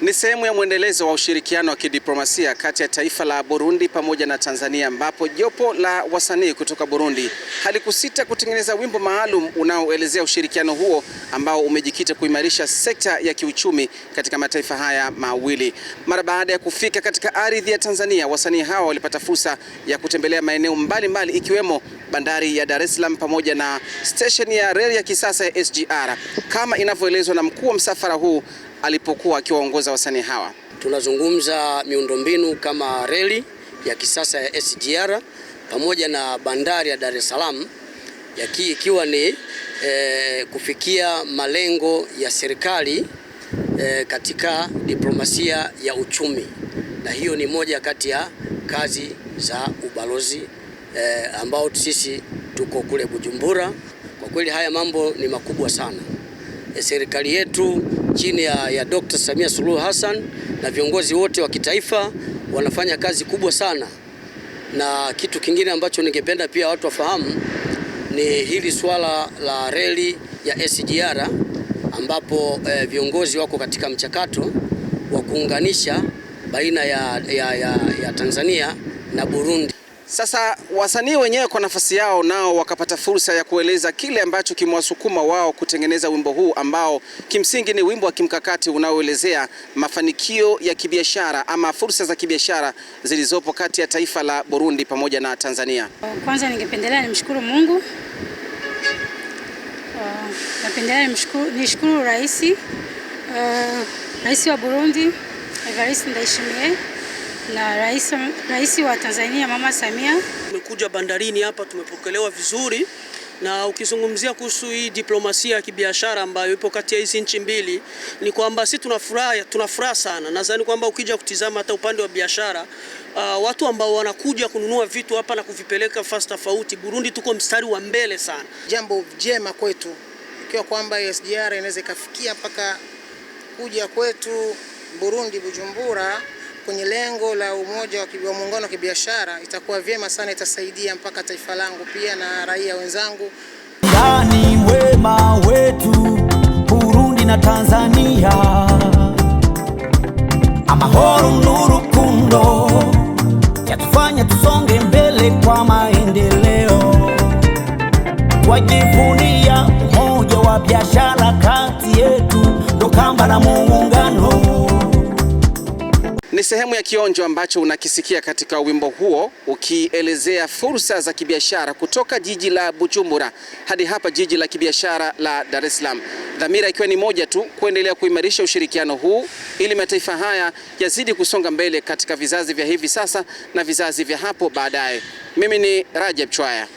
Ni sehemu ya mwendelezo wa ushirikiano wa kidiplomasia kati ya taifa la Burundi pamoja na Tanzania ambapo jopo la wasanii kutoka Burundi halikusita kutengeneza wimbo maalum unaoelezea ushirikiano huo ambao umejikita kuimarisha sekta ya kiuchumi katika mataifa haya mawili. Mara baada ya kufika katika ardhi ya Tanzania, wasanii hawa walipata fursa ya kutembelea maeneo mbalimbali ikiwemo bandari ya Dar es Salaam pamoja na stesheni ya reli ya kisasa ya SGR kama inavyoelezwa na mkuu wa msafara huu alipokuwa akiwaongoza wasanii hawa. Tunazungumza miundombinu kama reli ya kisasa ya SGR pamoja na bandari ya Dar es Salaam ikiwa ni e, kufikia malengo ya serikali e, katika diplomasia ya uchumi, na hiyo ni moja kati ya kazi za ubalozi e, ambao sisi tuko kule Bujumbura. Kwa kweli haya mambo ni makubwa sana. E, serikali yetu chini ya, ya Dr. Samia Suluhu Hassan na viongozi wote wa kitaifa wanafanya kazi kubwa sana, na kitu kingine ambacho ningependa pia watu wafahamu ni hili swala la reli ya SGR ambapo eh, viongozi wako katika mchakato wa kuunganisha baina ya, ya, ya, ya Tanzania na Burundi. Sasa wasanii wenyewe kwa nafasi yao nao wakapata fursa ya kueleza kile ambacho kimewasukuma wao kutengeneza wimbo huu ambao kimsingi ni wimbo wa kimkakati unaoelezea mafanikio ya kibiashara ama fursa za kibiashara zilizopo kati ya taifa la Burundi pamoja na Tanzania. Kwanza ningependelea nimshukuru Mungu. Uh, napendelea nimshukuru rais, uh, rais wa Burundi Evariste Ndayishimiye la rais, rais wa Tanzania Mama Samia. Tumekuja bandarini hapa, tumepokelewa vizuri, na ukizungumzia kuhusu hii diplomasia ya kibiashara ambayo ipo kati ya hizi nchi mbili ni kwamba si tunafurahi, tunafuraha sana. Nadhani kwamba ukija kutizama hata upande wa biashara uh, watu ambao wanakuja kununua vitu hapa na kuvipeleka fasi tofauti, Burundi tuko mstari wa mbele sana, jambo jema kwetu ikiwa kwamba SGR inaweza ikafikia mpaka kuja kwetu Burundi Bujumbura kwenye lengo la umoja wa muungano wa kibiashara itakuwa vyema sana, itasaidia mpaka taifa langu pia na raia wenzangu. Ndani wema wetu Burundi na Tanzania, amahoro nurukundo yatufanya tusonge mbele kwa maendeleo wajivu Ni sehemu ya kionjo ambacho unakisikia katika wimbo huo ukielezea fursa za kibiashara kutoka jiji la Bujumbura hadi hapa jiji la kibiashara la Dar es Salaam, dhamira ikiwa ni moja tu, kuendelea kuimarisha ushirikiano huu ili mataifa haya yazidi kusonga mbele katika vizazi vya hivi sasa na vizazi vya hapo baadaye. Mimi ni Rajab Chwaya.